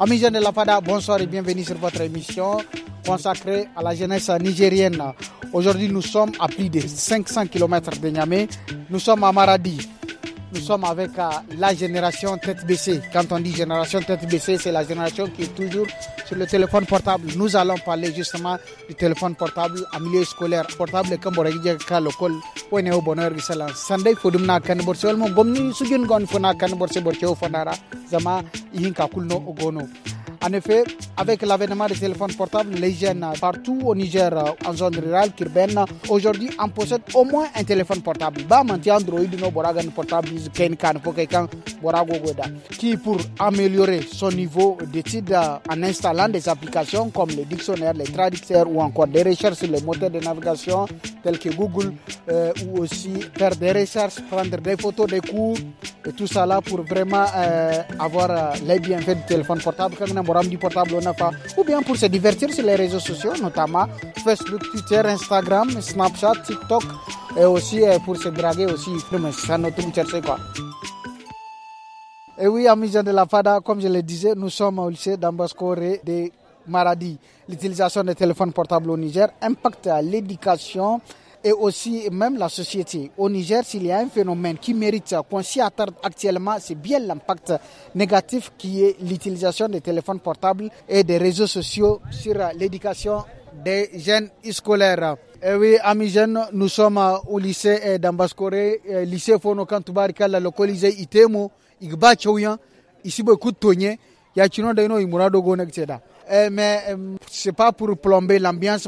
Amis jeunes de la FADA, bonsoir et bienvenue sur votre émission consacrée à la jeunesse nigérienne. Aujourd'hui, nous sommes à plus de 500 km de Niamey. Nous sommes à Maradi, nous sommes avec euh, la génération tête baissée. Quand on dit génération tête baissée, c'est la génération qui est toujours sur le téléphone portable. Nous allons parler justement du téléphone portable en milieu scolaire. Portable comme on dit local l'école, est au bonheur qui s'élance. Sandai de nous kan borse walmo gomni sujun gon fona borse en effet, avec l'avènement des téléphones portables, les jeunes partout au Niger, en zone rurale, urbaine, aujourd'hui en possède au moins un téléphone portable. Bamanti Android, nos Boragan portable, Kenkan, Pokekan, Borago Goda, qui pour améliorer son niveau d'étude en installant des applications comme le dictionnaire, les traducteurs ou encore des recherches sur les moteurs de navigation tels que Google euh, ou aussi faire des recherches, prendre des photos, des cours et tout ça là pour vraiment euh, avoir euh, les bienfaits du téléphone portable programme du portable nafa ou bien pour se divertir sur les réseaux sociaux, notamment Facebook, Twitter, Instagram, Snapchat, TikTok, et aussi euh, pour se draguer aussi, ça notre chercher quoi. Et oui, amis de la FADA, comme je le disais, nous sommes au lycée d'Ambascoré de Maradi. L'utilisation des téléphones portables au Niger impacte l'éducation, et aussi même la société. Au Niger, s'il y a un phénomène qui mérite qu'on s'y attarde actuellement, c'est bien l'impact négatif qui est l'utilisation des téléphones portables et des réseaux sociaux sur l'éducation des jeunes scolaires. Eh oui, amis jeunes, nous sommes au lycée eh, d'Ambascore, eh, lycée Fono Kantubarikala, le colisée Itemo, Igba Chouyan, ici beaucoup de tonniers, Yachino Deno Imurado Gonek Teda. Eh, mais eh, c'est pas pour plomber l'ambiance.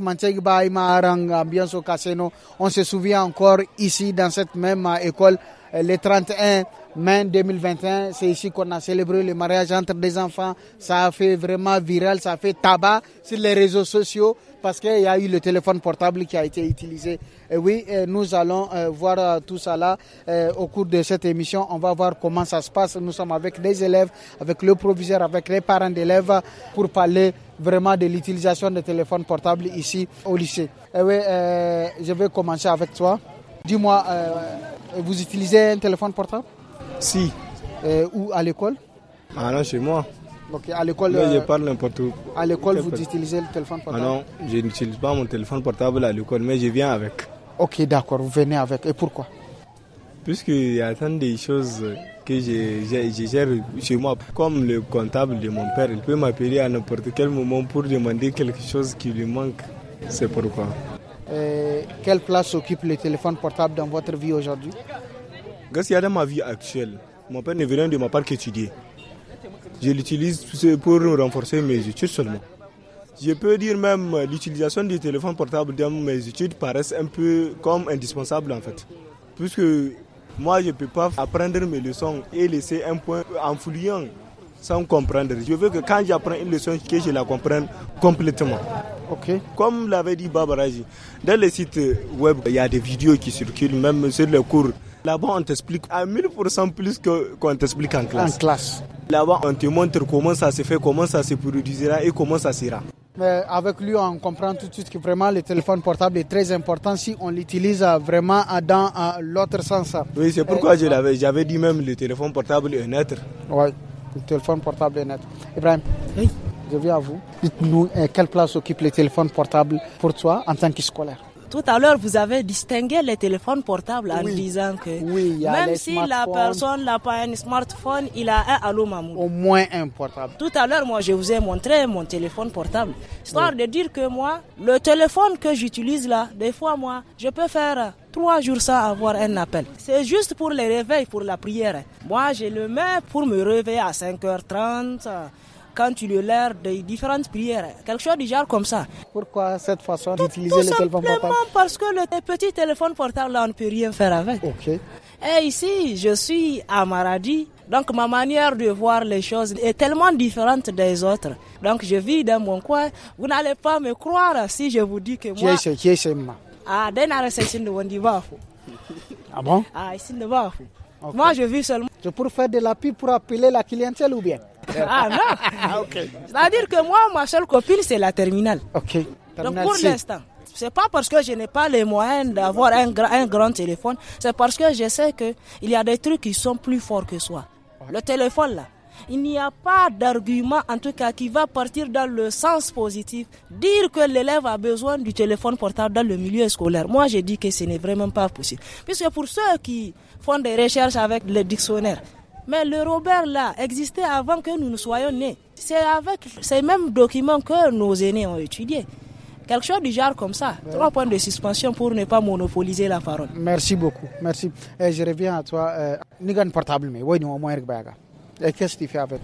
casino. On se souvient encore ici, dans cette même euh, école, eh, le 31 mai 2021, c'est ici qu'on a célébré le mariage entre des enfants. Ça a fait vraiment viral, ça a fait tabac sur les réseaux sociaux parce qu'il y a eu le téléphone portable qui a été utilisé. Et oui, nous allons euh, voir euh, tout ça là euh, au cours de cette émission. On va voir comment ça se passe. Nous sommes avec des élèves, avec le proviseur, avec les parents d'élèves pour parler vraiment de l'utilisation des téléphones portables ici au lycée. Et eh oui, je vais commencer avec toi. Dis-moi, vous utilisez un téléphone portable Si. Ou où à l'école Ah non, chez moi à l'école. je euh, parle n'importe où. À l'école, vous utilisez le téléphone ah portable Non, je n'utilise pas mon téléphone portable à l'école, mais je viens avec. Ok, d'accord, vous venez avec. Et pourquoi Puisqu'il y a tant de choses que je, gère chez moi. Comme le comptable de mon père, il peut m'appeler à n'importe quel moment pour demander quelque chose qui lui manque. C'est pourquoi. quelle place occupe le téléphone portable dans votre vie aujourd'hui Grâce ma vie actuelle, mon père ne veut de ma part qu'étudier. Je l'utilise pour renforcer mes études seulement. Je peux dire même euh, l'utilisation du téléphone portable dans mes études paraît un peu comme indispensable en fait. Puisque moi je ne peux pas apprendre mes leçons et laisser un point en fouillant sans comprendre. Je veux que quand j'apprends une leçon, que je la comprenne complètement. Comme l'avait dit Babaraji, dans les sites web, il y a des vidéos qui circulent, même sur les cours. Là-bas, on t'explique à 1000% plus qu'on t'explique en classe. En classe. Là-bas, on te montre comment ça se fait, comment ça se produira et comment ça sera. avec lui, on comprend tout de suite que vraiment le téléphone portable est très important si on l'utilise vraiment dans l'autre sens. Oui, c'est pourquoi j'avais dit même le téléphone portable est être Oui, le téléphone portable est net. Ibrahim je viens à vous. Dites-nous euh, quelle place occupe le téléphone portable pour toi en tant que tout à l'heure, vous avez distingué les téléphones portables en disant que même si la personne n'a pas un smartphone, il a un Allo Mamou. Au moins un portable. Tout à l'heure, moi, je vous ai montré mon téléphone portable. Histoire de dire que moi, le téléphone que j'utilise là, des fois, moi, je peux faire trois jours sans avoir un appel. C'est juste pour les réveils, pour la prière. Moi, je le mets pour me réveiller à 5h30 quand tu lui l'air des différentes prières, quelque chose du genre comme ça. Pourquoi cette façon d'utiliser le téléphone portable parce que le petit téléphone portable, là, on ne peut rien faire avec. Ok. Et ici, je suis à Maradi, donc ma manière de voir les choses est tellement différente des autres. Donc je vis dans mon coin. Vous n'allez pas me croire si je vous dis que moi... Qui est est-ce Ah, Ah bon Ah, ici, Moi, je vis seulement... Je pour faire de l'appui pour appeler la clientèle ou bien ah non ah, C'est-à-dire que moi, ma seule copine, c'est la terminale. Ok. Donc pour l'instant, c'est pas parce que je n'ai pas les moyens d'avoir un, un grand téléphone, c'est parce que je sais qu'il y a des trucs qui sont plus forts que soi. Le téléphone là, il n'y a pas d'argument en tout cas qui va partir dans le sens positif. Dire que l'élève a besoin du téléphone portable dans le milieu scolaire, moi je dis que ce n'est vraiment pas possible. Puisque pour ceux qui font des recherches avec le dictionnaire, mais le Robert là existait avant que nous ne soyons nés. C'est avec ces mêmes documents que nos aînés ont étudié. Quelque chose du genre comme ça. Trois points de suspension pour ne pas monopoliser la parole. Merci beaucoup. Merci. Et eh, je reviens à toi. Eh, Nigan portable, mais oui, nous Et qu'est-ce que tu fais avec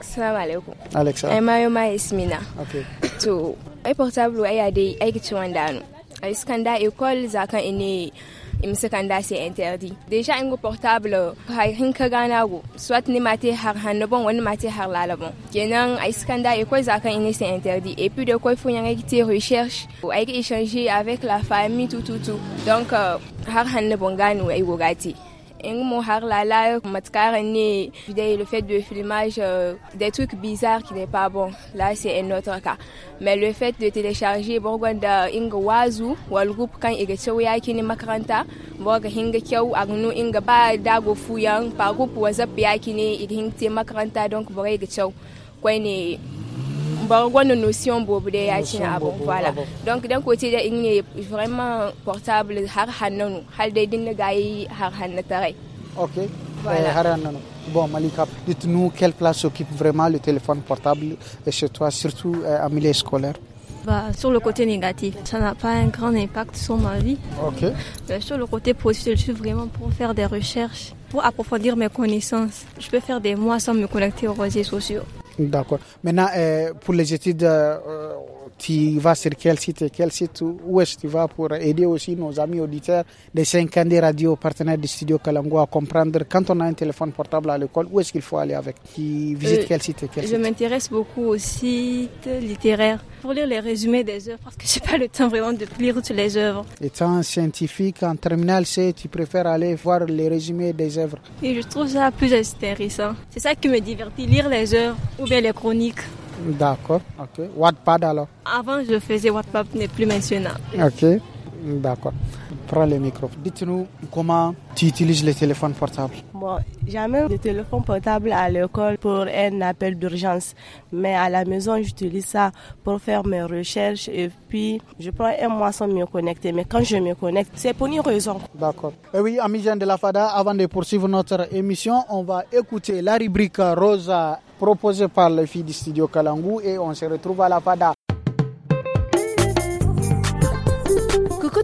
Salam alaikum. Alexa. Et eh, Mayoma Ismina. Ok. Tout. Et portable, il y a des. Il y a im sukan da sai interdi deja ingo portable hay hin ka gana go swat ni mate har hanobon wani mate har lalabon kenan ai sukan e iko zakan ini se interdi et puis de quoi faut yanga ki e recherche ou ai échanger e avec la famille tout tout tout donc euh, har hanobon gano ai go gati le fait de filmage euh, des trucs bizarres qui n'est pas bon, là c'est un autre cas. Mais le fait de télécharger Borgwanda groupe il est chaud, makaranta, Hinga Kyau, Agno Inga Ba Dago Fuyang, par groupe notion ah ah donc d'un côté, il vraiment portable din ok euh, Bon, Malika, dites-nous quelle place occupe vraiment le téléphone portable chez toi, surtout à euh, milieu scolaire bah, sur le côté négatif, ça n'a pas un grand impact sur ma vie. OK. Euh, sur le côté positif, je suis vraiment pour faire des recherches, pour approfondir mes connaissances. Je peux faire des mois sans me connecter aux réseaux sociaux. D'accord. Maintenant, euh, pour les études, euh, tu vas sur quel site et quel site où est-ce que tu vas pour aider aussi nos amis auditeurs des 50 des radios partenaires du studio Kalango à comprendre quand on a un téléphone portable à l'école où est-ce qu'il faut aller avec qui visite euh, quel site et quel je m'intéresse beaucoup aux sites littéraires pour lire les résumés des œuvres parce que n'ai pas le temps vraiment de lire toutes les œuvres étant scientifique en terminale C tu préfères aller voir les résumés des œuvres et je trouve ça plus intéressant c'est ça qui me divertit lire les œuvres ou bien les chroniques D'accord, ok. Wattpad alors Avant je faisais Wattpad, mais plus maintenant. Ok, d'accord. Prends le micro. Dites-nous comment tu utilises le téléphone portable Moi, j'amène le téléphone portable à l'école pour un appel d'urgence. Mais à la maison, j'utilise ça pour faire mes recherches et puis je prends un mois sans me connecter. Mais quand je me connecte, c'est pour une raison. D'accord. Et eh oui, amis de la FADA, avant de poursuivre notre émission, on va écouter la rubrique Rosa proposé par les filles du studio Kalangu et on se retrouve à la Pada.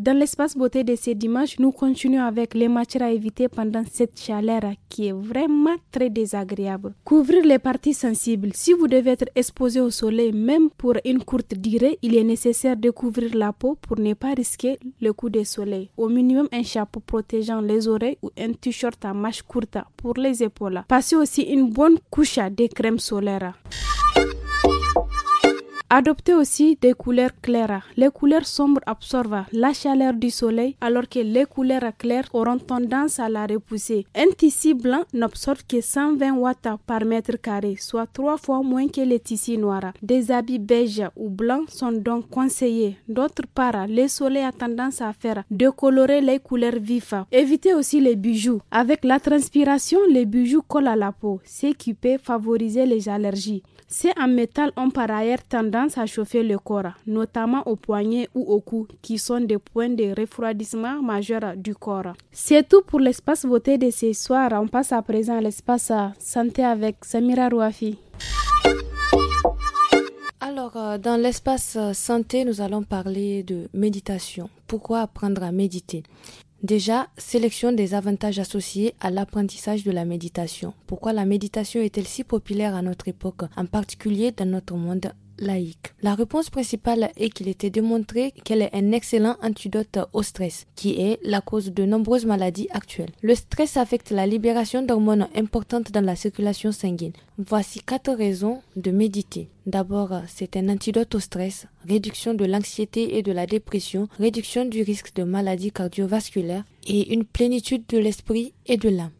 Dans l'espace beauté de ces dimanche, nous continuons avec les matières à éviter pendant cette chaleur qui est vraiment très désagréable. Couvrir les parties sensibles. Si vous devez être exposé au soleil, même pour une courte durée, il est nécessaire de couvrir la peau pour ne pas risquer le coup de soleil. Au minimum, un chapeau protégeant les oreilles ou un t-shirt à manches courtes pour les épaules. Passez aussi une bonne couche de crème solaire. Adoptez aussi des couleurs claires. Les couleurs sombres absorbent la chaleur du soleil alors que les couleurs claires auront tendance à la repousser. Un tissu blanc n'absorbe que 120 watts par mètre carré, soit trois fois moins que les tissus noirs. Des habits beige ou blancs sont donc conseillés. D'autre part, le soleil a tendance à faire décolorer les couleurs vives. Évitez aussi les bijoux. Avec la transpiration, les bijoux collent à la peau, ce qui peut favoriser les allergies. Ces en métal ont par ailleurs tendance à chauffer le corps, notamment au poignets ou au cou, qui sont des points de refroidissement majeurs du corps. C'est tout pour l'espace voté de ce soir. On passe à présent à l'espace santé avec Samira Rouafi. Alors, euh, dans l'espace santé, nous allons parler de méditation. Pourquoi apprendre à méditer Déjà, sélection des avantages associés à l'apprentissage de la méditation. Pourquoi la méditation est-elle si populaire à notre époque, en particulier dans notre monde la réponse principale est qu'il était démontré qu'elle est un excellent antidote au stress, qui est la cause de nombreuses maladies actuelles. Le stress affecte la libération d'hormones importantes dans la circulation sanguine. Voici quatre raisons de méditer. D'abord, c'est un antidote au stress, réduction de l'anxiété et de la dépression, réduction du risque de maladies cardiovasculaires et une plénitude de l'esprit et de l'âme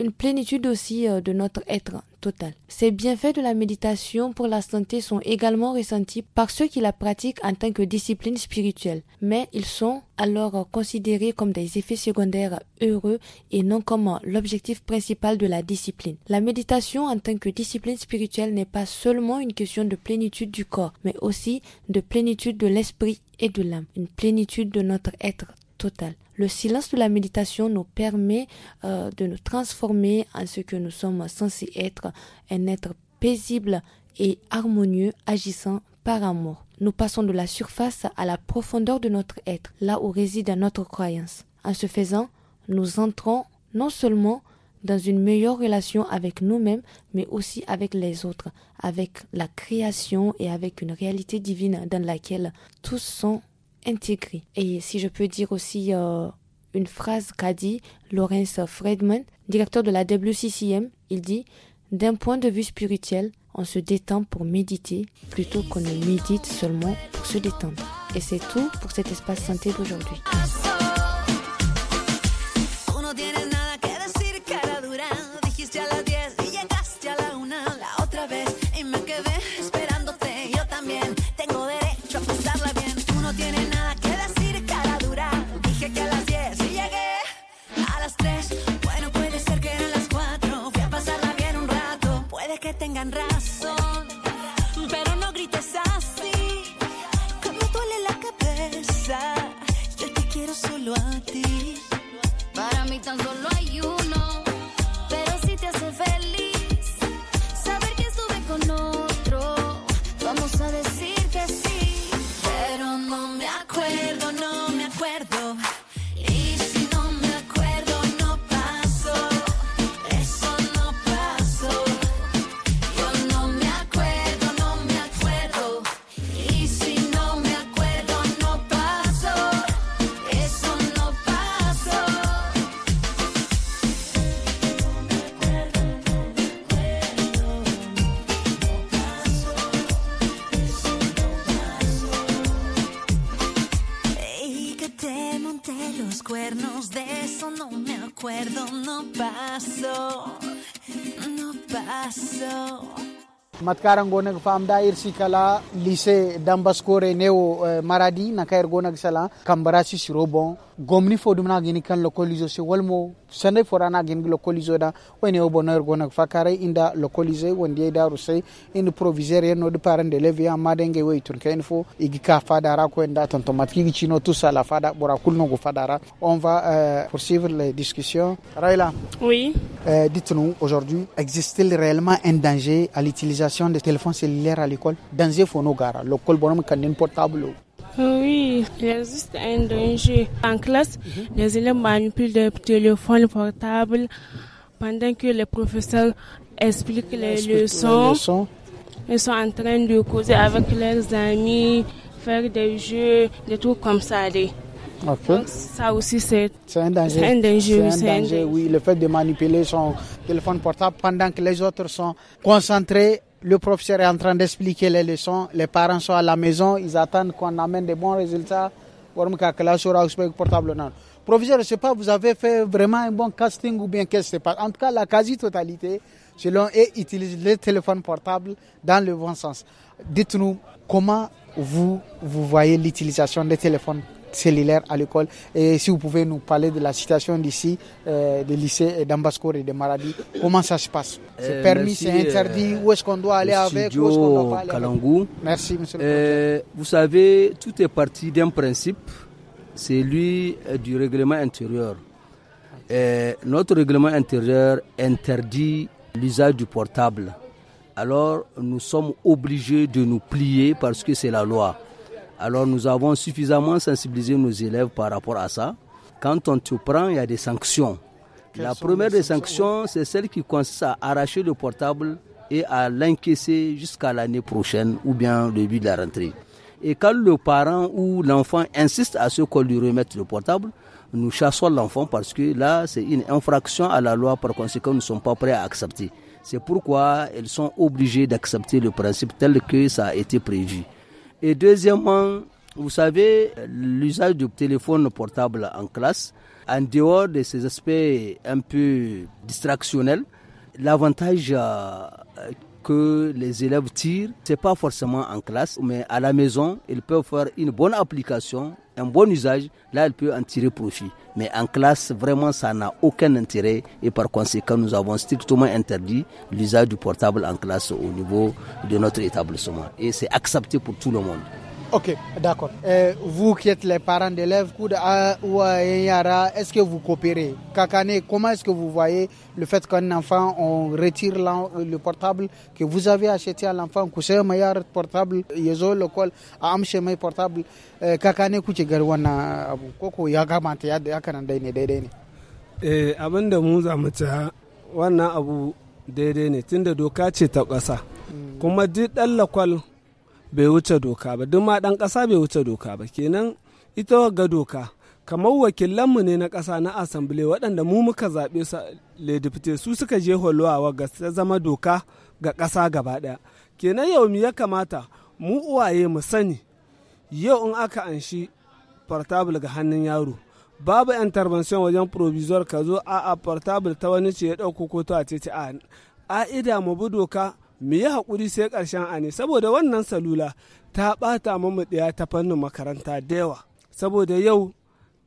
une plénitude aussi euh, de notre être total. Ces bienfaits de la méditation pour la santé sont également ressentis par ceux qui la pratiquent en tant que discipline spirituelle, mais ils sont alors considérés comme des effets secondaires heureux et non comme l'objectif principal de la discipline. La méditation en tant que discipline spirituelle n'est pas seulement une question de plénitude du corps, mais aussi de plénitude de l'esprit et de l'âme, une plénitude de notre être total. Le silence de la méditation nous permet euh, de nous transformer en ce que nous sommes censés être, un être paisible et harmonieux agissant par amour. Nous passons de la surface à la profondeur de notre être, là où réside notre croyance. En ce faisant, nous entrons non seulement dans une meilleure relation avec nous-mêmes, mais aussi avec les autres, avec la création et avec une réalité divine dans laquelle tous sont intégré. Et si je peux dire aussi euh, une phrase qu'a dit Lawrence Friedman, directeur de la WCCM, il dit D'un point de vue spirituel, on se détend pour méditer plutôt qu'on ne médite seulement pour se détendre. Et c'est tout pour cet espace santé d'aujourd'hui. pasó, no pasó. matkaran gonag famda irsi kala lycée d'ambascore neo maradi nakair gonag sala kambarasi sirobon gomni fo dum na gini kan localiser se walmo sande fora na gini localiser da wani o bonor gona fakare inda localiser wonde da rusai in provisoire no de parent de leve amma denge wey tun kain fo igi ka fadara ko inda ton tomatiki gi chino tout ça la fada bora kulno go fadara on va euh, poursuivre les discussions Raila oui euh, dites-nous aujourd'hui existe-t-il réellement un danger à l'utilisation des téléphones cellulaires à l'école danger fo no gara l'école bonum kan portable oui, il existe un danger. En classe, les élèves manipulent des téléphones portables pendant que les professeurs expliquent les, leçons. Ils sont en train de causer avec leurs amis, faire des jeux, des trucs comme ça. Donc, ça aussi, c'est un danger. C'est un danger, un danger. oui. Le fait de manipuler son téléphone portable pendant que les autres sont concentrés le professeur est en train d'expliquer les leçons, les parents sont à la maison, ils attendent qu'on amène des bons résultats. Professeur, je ne sais pas, vous avez fait vraiment un bon casting ou bien qu'est-ce qui se passe. En tout cas, la quasi-totalité, selon eux, utilise les téléphones portables dans le bon sens. Dites-nous comment vous, vous voyez l'utilisation des téléphones cellulaire à l'école. Et si vous pouvez nous parler de la situation d'ici, euh, des lycées d'Ambascore et de Maradi, comment ça se passe C'est euh, permis, c'est interdit euh, Où est-ce qu'on doit aller avec Merci, monsieur le Président Vous savez, tout est parti d'un principe, c'est lui du règlement intérieur. notre règlement intérieur interdit l'usage du portable. Alors nous sommes obligés de nous plier parce que c'est la loi. Alors nous avons suffisamment sensibilisé nos élèves par rapport à ça. Quand on te prend, il y a des sanctions. la première des sanctions, c'est celle qui consiste à arracher le portable et à l'encaisser jusqu'à l'année prochaine ou bien le début de la rentrée. Et quand le parent ou l'enfant insiste à ce qu'on lui remette le portable, nous chassons l'enfant parce que là, c'est une infraction à la loi, par conséquent, nous ne sommes pas prêts à accepter. C'est pourquoi elles sont obligés d'accepter le principe tel que ça a été prévu. Et deuxièmement, vous savez, l'usage du téléphone portable en classe, en dehors de ces aspects un peu distractionnels, l'avantage euh, que les élèves tirent, c'est pas forcément en classe, mais à la maison, ils peuvent faire une bonne application un bon usage, là, elle peut en tirer profit. Mais en classe, vraiment, ça n'a aucun intérêt et par conséquent, nous avons strictement interdit l'usage du portable en classe au niveau de notre établissement. Et c'est accepté pour tout le monde. Ok, d'accord. Euh, vous qui êtes les parents d'élèves, ah, ou euh, Yara, est-ce que vous coopérez Kakane, comment est-ce que vous voyez le fait qu'un enfant, on retire le portable que vous avez acheté à l'enfant, que Mayar portable, yezo le col, amchemay portable, eh, kakane kuche garwana abu, koko yagamante yakanan daine daidai ne. Eh, abin da mu za mu ci wannan abu daidai ne tunda doka ce ta ƙasa. Hmm. Kuma duk ɗan bai wuce doka ba duk ma ɗan ƙasa bai wuce doka ba kenan ita ga doka kamar wakilanmu ne na ƙasa na asambile waɗanda mu muka zaɓe su ledifte su suka je holowa ga zama doka ga ƙasa gaba ɗaya kenan yau ya kamata mu uwaye mu sani yau in aka anshi portable ga hannun yaro babu intervention wajen provisor ka zo a a portable ta wani ce ya ɗauko ko ta ce a ƙa'ida mu bi doka mu yi haƙuri sai ƙarshen ani saboda wannan salula ta ɓata mamu ɗaya ta fannin makaranta da yawa saboda yau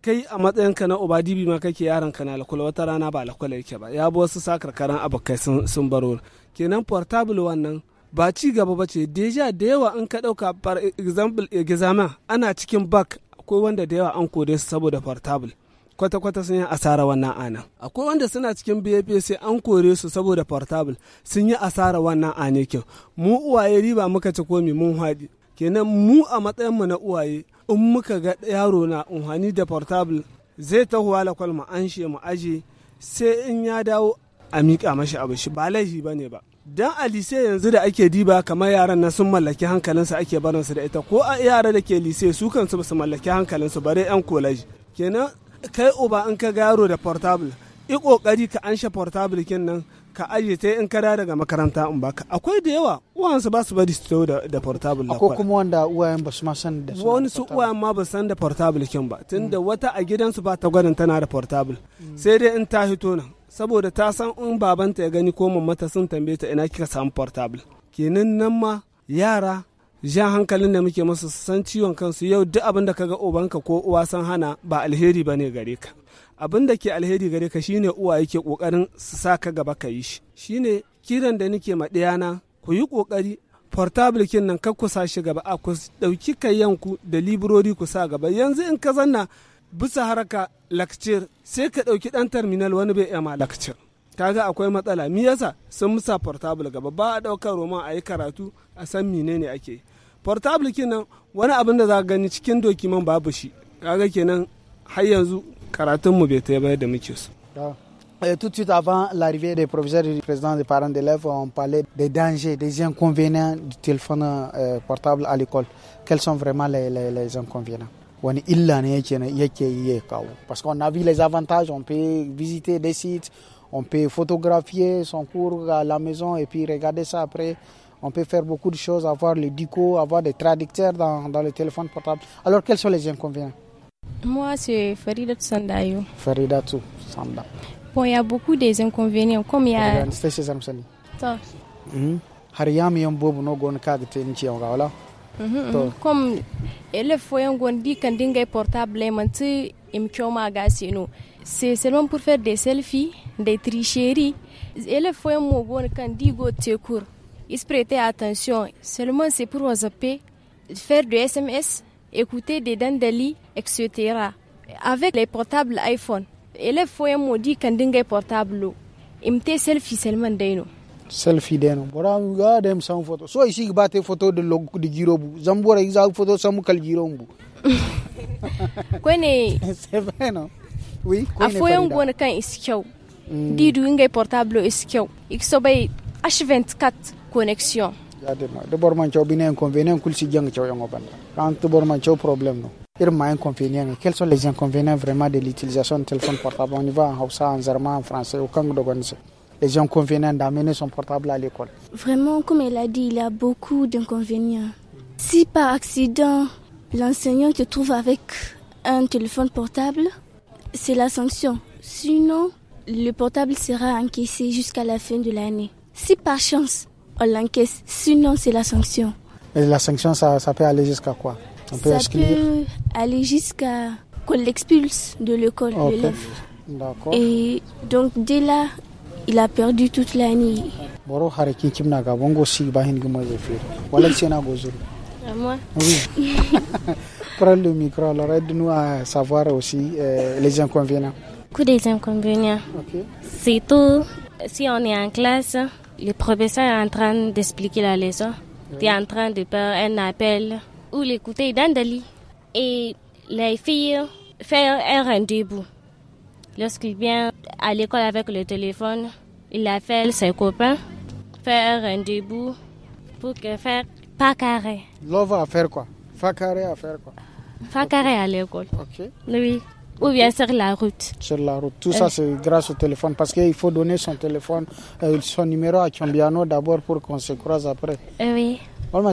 kai a matsayinka na uba ma kake yaron ka na lakula wata rana ba lakula yake ba ya bi wasu sakarkaran abokai sun baro kenan portable wannan ba ci gaba ba ce deja da yawa an ka ɗauka for example ana cikin bak akwai wanda da yawa an kore su saboda portable kwata-kwata sun yi asara wannan anan akwai wanda suna cikin bap sai an kore su saboda portable sun yi asara wannan ane kyau mu uwaye riba muka ci komi mun haɗi kenan mu a matsayin mu na uwaye in muka ga yaro na unhani da portable zai huwa lakwal mu an mu aje sai in ya dawo a mika mashi abu shi ba laifi ba ne ba dan a lise yanzu da ake diba kamar yaran na sun mallaki hankalinsu ake barinsu da ita ko a yara da ke lise su kansu su mallaki hankalinsu bare yan kolaji kenan kai uba in ka ga da portable i kokari ka anshe portable kin nan ka aje ta in da daga makaranta in baka akwai da yawa uwansu ba su bari su da, da portable akwai kuma wanda uwayen ba su ma san da su wani su uwayen ma ba san da portable kin ba tunda mm. wata a gidansu ba ta gwadin tana da portable mm. sai dai in ta hito nan saboda ta san in babanta ya gani ko mamata sun tambaye ta ina kika samu portable kenan nan ma yara jan hankalin da muke masu san ciwon kansu yau duk abin da kaga ubanka ko uwa san hana ba alheri ba ne gare ka abin da ke alheri gare ka shine uwa yake kokarin su sa ka gaba ka yi shi shine kiran da nake ma na ku yi kokari portable kin nan kar ku sa shi gaba a ku dauki ku da librori ku sa gaba yanzu in ka zanna bisa haraka lakcir sai ka dauki dan terminal wani bai ma lakcir kaga akwai matsala miyasa yasa sun musa portable gaba ba a daukar roman a yi karatu a san menene ake portable kenan wani abin da za gani cikin babu shi kaga kenan har yanzu karatun mu ah. tout de suite avant l'arrivée des professeurs et du président des parents d'élèves, on parlait des dangers, des inconvénients du téléphone euh, portable à l'école. Quels sont vraiment les, les, les inconvénients Parce qu'on a vu les avantages, on peut visiter des sites, on peut photographier son cours à la maison et puis regarder ça après on peut faire beaucoup de choses, avoir le DICO, avoir des traducteurs dans, dans le téléphone portable. Alors quels sont les inconvénients Moi, c'est Farida Sandayo. Farida Sanda. Bon, il y a beaucoup des inconvénients. Comme il y a. C'est To. Ça. Hmm? Hariami yon bobu no gon kagte nchi yon gawala. Mhm, mhm. Comme elle foyon gon di kan dingay e portable manti imkyoma e gasino. C'est seulement pour faire des selfies, des tricheries. Il foyon mo gon kandigo te ils se attention. Seulement, c'est pour WhatsApp, faire des SMS, écouter des dandali, etc. Avec les portables iPhone, élève foyer dit quand dingue portable. portables. selfie seulement d'ailleurs. selfie Bon, bora Ils ont sans photo Soit ici, ba photo de logo de Girobo, bu zambora une photo sam kal giro Quoi c'est vrai non oui kwene afo yon qu'ils kan des portables. Ils ont portable isi kyau ikso h24 connexion. D'abord, de chau bine inconvénient jang Quand problème Quels sont les inconvénients vraiment de l'utilisation de téléphone portable On y va en Hausa, en en français, au les inconvénients d'amener son portable à l'école. Vraiment, comme il a dit, il y a beaucoup d'inconvénients. Si par accident, l'enseignant te trouve avec un téléphone portable, c'est la sanction. Sinon, le portable sera encaissé jusqu'à la fin de l'année. Si par chance, on l'enquête, Sinon, c'est la sanction. Et la sanction, ça, ça peut aller jusqu'à quoi on peut Ça peut aller jusqu'à qu'on l'expulse de l'école, l'élève. D'accord. Et donc, dès là, il a perdu toute l'année. Boro moi Oui. Prends le micro, alors aide-nous à savoir aussi euh, les inconvénients. Coup des inconvénients. Ok. C'est tout. Si on est en classe, le professeur est en train d'expliquer la leçon. Il est en train de faire un appel ou l'écouter lit. Et les filles font un rendez-vous. Lorsqu'il vient à l'école avec le téléphone, il appelle ses copains, faire un rendez-vous pour que faire pas carré. L'homme va faire quoi Faire carré à faire quoi Faire carré à l'école. Ok. Oui. Ou bien sur la route. Sur la route. Tout ça, euh. c'est grâce au téléphone. Parce qu'il faut donner son téléphone, euh, son numéro à Chambiano d'abord pour qu'on se croise après. Euh, oui.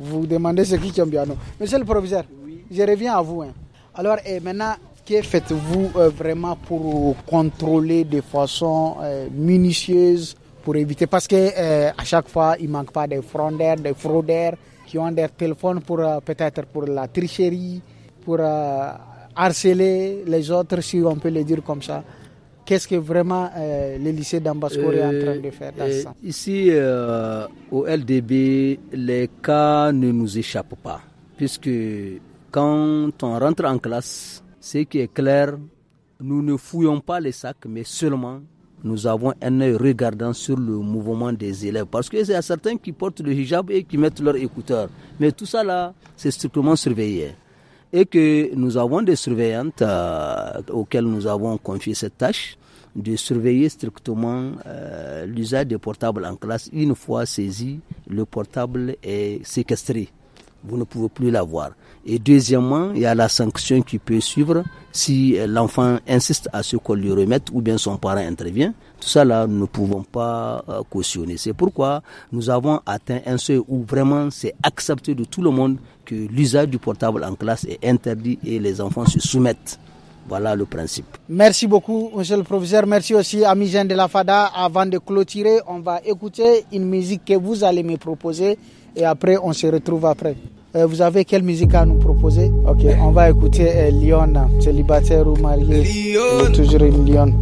vous demandez ce qui Chambiano. Monsieur le proviseur, je reviens à vous. Hein. Alors, et eh, maintenant, que faites-vous vraiment pour contrôler de façon minutieuse pour éviter Parce que à chaque fois, il manque pas des frondeurs des fraudeurs qui ont des téléphones pour peut-être pour la tricherie pour euh, harceler les autres, si on peut le dire comme ça. Qu'est-ce que vraiment euh, le lycée d'Ambascore est en train de faire dans euh, Ici, au LDB, les cas ne nous échappent pas, puisque quand on rentre en classe, ce qui est clair, nous ne fouillons pas les sacs, mais seulement nous avons un œil regardant sur le mouvement des élèves. Parce que a certains qui portent le hijab et qui mettent leurs écouteurs. Mais tout ça là, c'est strictement surveillé et que nous avons des surveillantes euh, auxquelles nous avons confié cette tâche de surveiller strictement euh, l'usage des portables en classe. Une fois saisi, le portable est séquestré vous ne pouvez plus l'avoir. Et deuxièmement, il y a la sanction qui peut suivre si euh, l'enfant insiste à ce qu'on lui remette ou bien son parent intervient. Tout ça là, nous ne pouvons pas euh, cautionner. C'est pourquoi nous avons atteint un seuil où vraiment c'est accepté de tout le monde que l'usage du portable en classe est interdit et les enfants se soumettent. Voilà le principe. Merci beaucoup, monsieur le professeur. Merci aussi à Mijen de la Fada. Avant de clôturer, on va écouter une musique que vous allez me proposer et après on se retrouve après. Euh, vous avez quelle musique à nous proposer Ok, euh, on va écouter euh, Lyon, célibataire ou marié. Lyon. Toujours une Lyon.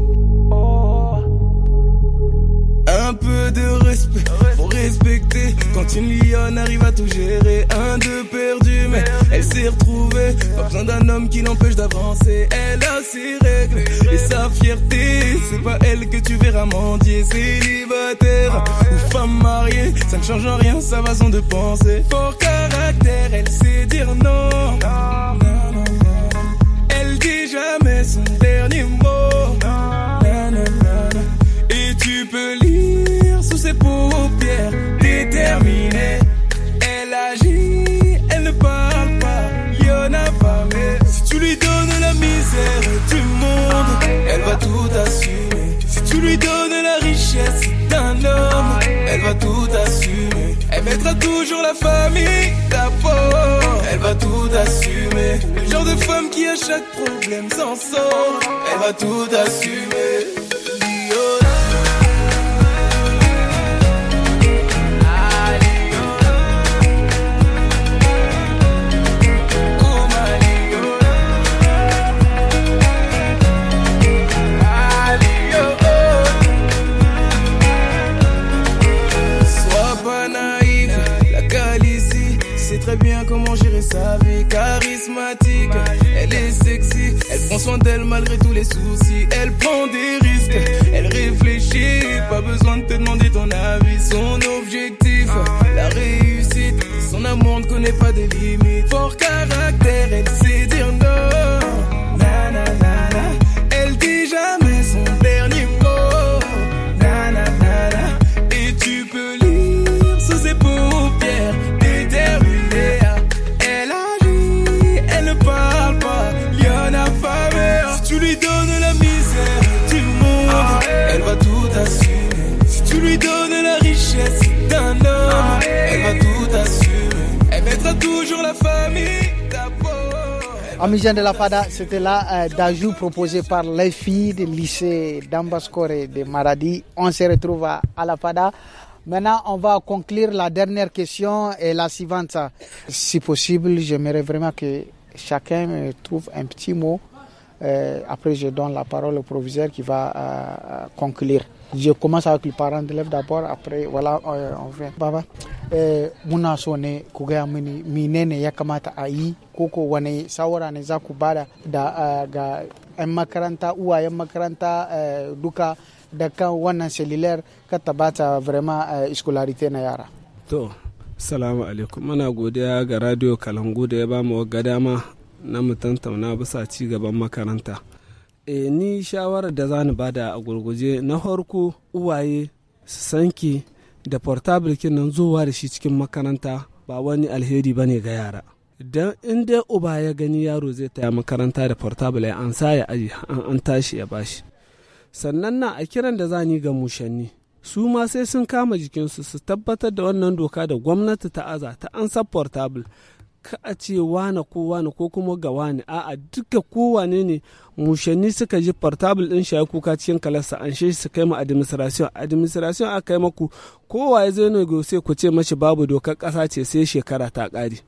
Un peu de respect, faut respecter. Quand une Lyon arrive à tout gérer, un de perdu, mais elle s'est retrouvée. Pas besoin d'un homme qui l'empêche d'avancer. Elle a ses règles et sa fierté. C'est pas elle que tu verras mendier célibataire. Une femme mariée, ça ne change rien sa façon de penser. Fort caractère, elle sait dire non. Elle dit jamais son dernier mot. Et tu peux lire sous ses paupières déterminée. Elle agit, elle ne parle pas. Y'en a pas, mais si tu lui donnes la misère du monde, elle va tout assumer. Elle va tout assumer. Elle mettra toujours la famille d'abord. Elle va tout assumer. Le genre de femme qui à chaque problème s'en sort. Elle va tout assumer. très bien comment gérer sa vie. Charismatique, elle est sexy. Elle prend soin d'elle malgré tous les soucis. Elle prend des risques, elle réfléchit. Pas besoin de te demander ton avis. Son objectif, la réussite. Son amour ne connaît pas des limites. Fort caractère, elle sait jeunes de la Fada, c'était là euh, d'ajout proposé par les filles du lycée d'Ambascore et de Maradi. On se retrouve à, la Fada. Maintenant, on va conclure la dernière question et la suivante. Si possible, j'aimerais vraiment que chacun trouve un petit mot. Euh, après, je donne la parole au proviseur qui va euh, euh, conclure. Je commence avec les parents d'élève d'abord. Après, voilà, on, on vient. bye. Eh, muna so ne ku gaya mini menene ya kamata a yi koko wani shawara ne za ku bada da ga 'yan makaranta uwayen makaranta eh, duka da kan wannan seliler ka tabata vrema iskularite eh, na yara to salamu alaikum mana godiya ga radio kalangu da ya ba mu ga dama na mu tantauna bisa ci gaban makaranta e ni shawarar da za ni bada a gurguje na farko uwaye su sanki da portable kin nan zuwa da shi cikin makaranta ba wani alheri ba ne ga yara dan in dai uba ya gani yaro zai taya makaranta da portable ya ansa ya aji an tashi ya bashi sannan na a kiran da zani ga mushanni su ma sai sun kama jikinsu su tabbatar da wannan doka da gwamnati ta aza ta ansa portable ka a ce wane ko wane ko kuma ga wane a'a duka kowane ne mushanni suka ji portable din shayi kuka cikin kalarsa an shi su kai ma administration administration aka kai maku kowa ya zai nego sai ku ce mashi babu dokar kasa ce sai shekara ta kare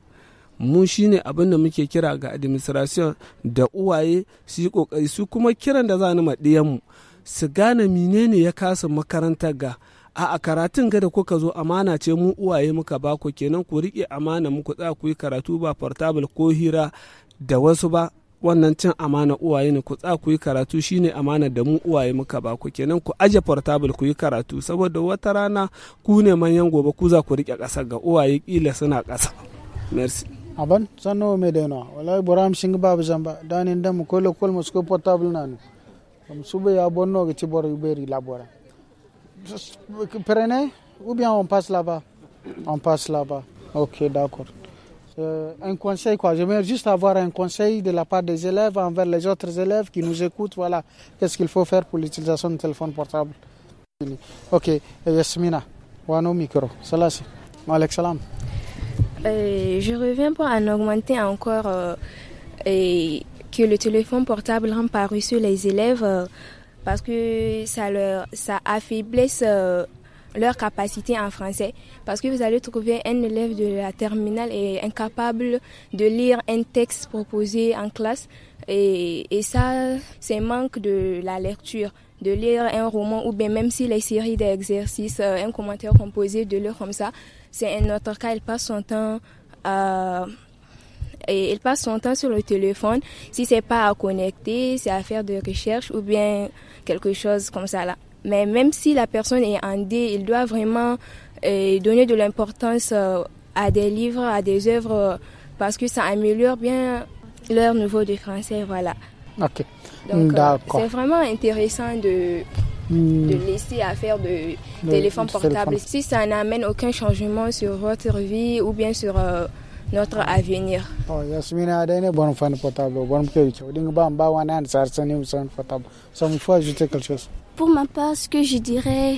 mu shine abin da muke kira ga administration da uwaye su yi kokari su kuma kiran da za ni ma mu su gane menene ya kasa makaranta ga a a karatun ga da kuka zo amana ce mu uwaye muka ba ku kenan ku riƙe amana muku tsaya ku yi karatu ba portable ko hira da wasu ba wannan cin amana uwaye ne ku tsaya ku yi karatu shine amana da mu uwaye muka ba ku kenan ku aje portable ku yi karatu saboda wata rana ku ne manyan gobe ku za ku riƙe kasar ga uwaye kila suna ƙasa merci aban sanno me da yana wallahi buram shing babu zamba danin da mu kole kol mu su portable nanu am sube ya bonno ga ci bor beri labora Prenez ou bien on passe là-bas On passe là-bas. Ok, d'accord. Euh, un conseil, quoi. J'aimerais juste avoir un conseil de la part des élèves envers les autres élèves qui nous écoutent. Voilà, qu'est-ce qu'il faut faire pour l'utilisation du téléphone portable Ok, euh, Yasmina, Wano Micro, C'est là, Salam. Euh, je reviens pour en augmenter encore et que le téléphone portable rend paru sur les élèves parce que ça, leur, ça affaiblisse euh, leur capacité en français. Parce que vous allez trouver un élève de la terminale est incapable de lire un texte proposé en classe. Et, ça, c'est manque de la lecture de lire un roman ou bien même si les séries d'exercices, euh, un commentaire composé de l'heure comme ça, c'est un autre cas. Elle passe son temps euh, passe son temps sur le téléphone. Si c'est pas à connecter, c'est à faire des recherches, ou bien quelque chose comme ça là. Mais même si la personne est en D, il doit vraiment euh, donner de l'importance euh, à des livres, à des œuvres, euh, parce que ça améliore bien leur niveau de français, voilà. Ok. Donc, c'est vraiment intéressant de, hmm. de laisser à faire de, téléphones téléphone portable. Si ça n'amène aucun changement sur votre vie ou bien sur notre avenir. Pour ma part, ce que je dirais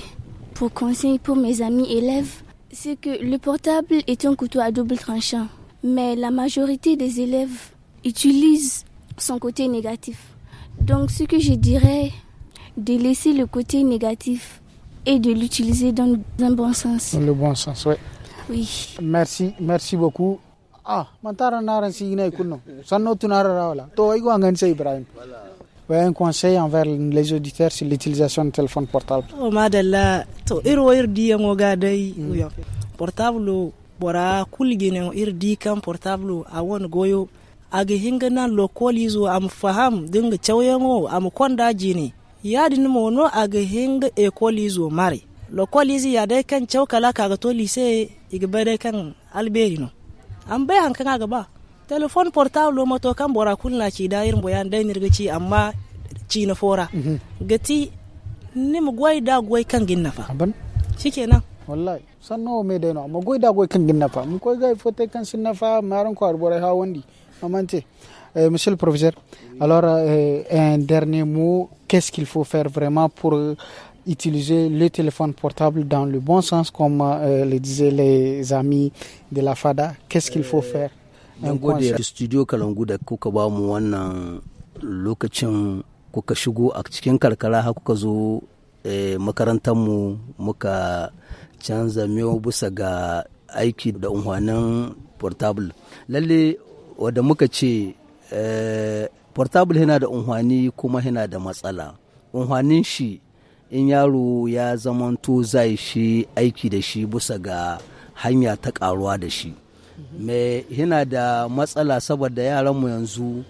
pour conseiller pour mes amis élèves, c'est que le portable est un couteau à double tranchant. Mais la majorité des élèves utilisent son côté négatif. Donc ce que je dirais, de laisser le côté négatif et de l'utiliser dans un bon sens. Dans le bon sens, oui. Oui. Merci, merci beaucoup. ah mantara naran si nay kunno sanno tunara rawala to igo angan se ibrahim Ouais, un conseil envers les auditeurs sur l'utilisation de téléphone portable. Oh madalla to iro irdi yango ga dai mm. portable bora iri irdi kan portable a won goyo aga hinga na lokoli zo am faham dinga chawyango am konda jini yadi ni mono aga hinga e koli zo mare lokoli zi ya dai kan ka kaga to lise igbe dai kan alberi no an bai hankan a gaba telefon portable mato kan bora kulna ci da irin boyan dai nirga ci amma ci na fora mhm. gati ni mu gwai da gwai kan ginna fa shikenan wallahi sanno me dai no amma gwai da gwai kan ginna fa mu koi gai fotai kan sinna fa maran ko arbora ha wandi amante Euh, monsieur le professeur, alors euh, un dernier mot, qu'est-ce qu'il faut faire vraiment pour utiliser le téléphone portable dans le bon sens, comme euh, le disaient les amis de la FADA. Qu'est-ce qu'il faut faire Un studio Kalangu da kuka ba mu wannan euh, lokacin kuka shigo a cikin karkara har kuka zo eh, makarantar mu muka canza miyau bisa ga aiki da unhwanin portable. Lalle wadda muka ce eh, portable yana da unhwani kuma yana da matsala. Unhwanin shi in yaro ya zamanto zai shi aiki da shi bisa ga hanya ta karuwa da shi me yana da matsala saboda yaranmu yanzu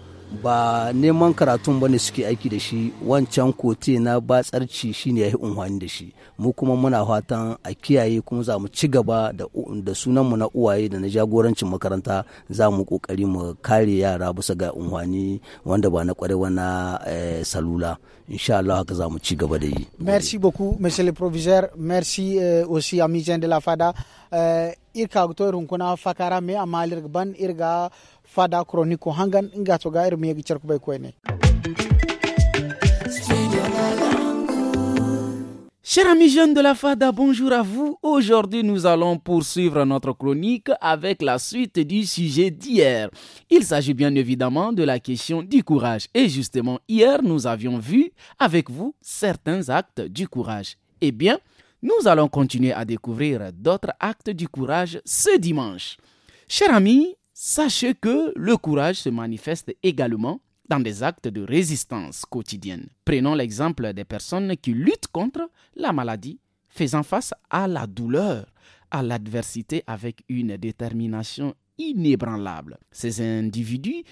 ba neman karatun bane suke aiki da shi wancan kote na batsarci shine ya yi unhwani da shi mu kuma muna fatan a kiyaye kuma za mu ci gaba da sunanmu na uwaye da na jagorancin makaranta za mu kokari mu kare yara bisa ga unhwani wanda ba na kwarewa na eh, salula insha Allah haka za mu ci gaba da yi merci beaucoup monsieur le proviseur merci eh, aussi de la fada eh, irka gto kuna fakara me amalir ban irga fada chronique Chers amis jeunes de la FADA, bonjour à vous. Aujourd'hui, nous allons poursuivre notre chronique avec la suite du sujet d'hier. Il s'agit bien évidemment de la question du courage. Et justement, hier, nous avions vu avec vous certains actes du courage. Eh bien, nous allons continuer à découvrir d'autres actes du courage ce dimanche. Chers amis, Sachez que le courage se manifeste également dans des actes de résistance quotidienne. Prenons l'exemple des personnes qui luttent contre la maladie, faisant face à la douleur, à l'adversité avec une détermination inébranlable. Ces individus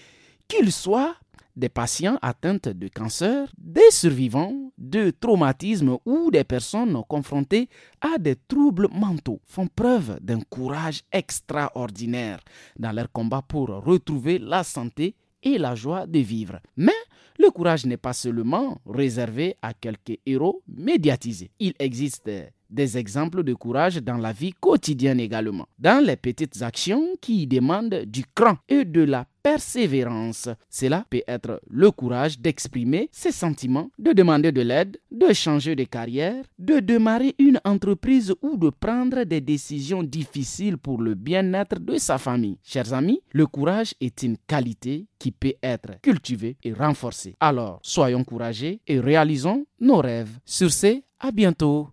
qu'ils soient des patients atteints de cancer, des survivants de traumatismes ou des personnes confrontées à des troubles mentaux font preuve d'un courage extraordinaire dans leur combat pour retrouver la santé et la joie de vivre. Mais le courage n'est pas seulement réservé à quelques héros médiatisés. Il existe des exemples de courage dans la vie quotidienne également, dans les petites actions qui demandent du cran et de la persévérance. Cela peut être le courage d'exprimer ses sentiments, de demander de l'aide, de changer de carrière, de démarrer une entreprise ou de prendre des décisions difficiles pour le bien-être de sa famille. Chers amis, le courage est une qualité qui peut être cultivée et renforcée. Alors, soyons courageux et réalisons nos rêves. Sur ce, à bientôt.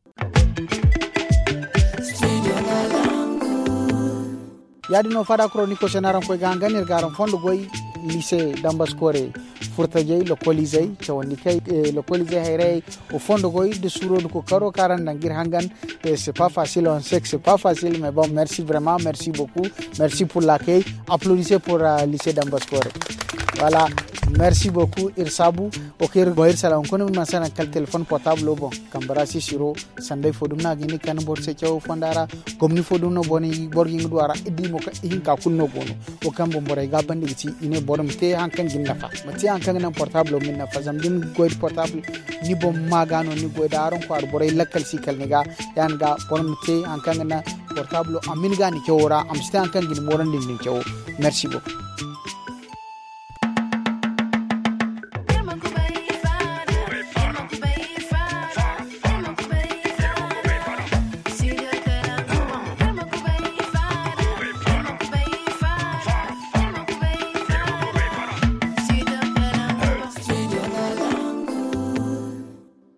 chronique senaran ganganir garan fondo lycée furta le cawandi kay fondo de ko karo karanda dangir hangan c'est pas facile on sait que c'est pas facile mais bon merci vraiment merci beaucoup merci pour l'accueil applaudissez pour le uh, lycée d'Ambascore. voilà merci beaucoup irsabu o kir boyir salam kono mi masana kal telephone portable bon kambara si siro sanday fodum na gini kan bor se chaw fondara gomni fodum no boni borgi ngi ara idi mo ka hin ka kunno bono o kam bo boray ga bandi ti ine borom te hankan gin nafa mati hankan nan portable min nafa zam dim goyir portable ni bom magano ni goyda aron ko ar boray lakkal si kal ga yan ga borom te hankan na portable amin ga ni kewora am sitan kan gin moran din ni kewo merci beaucoup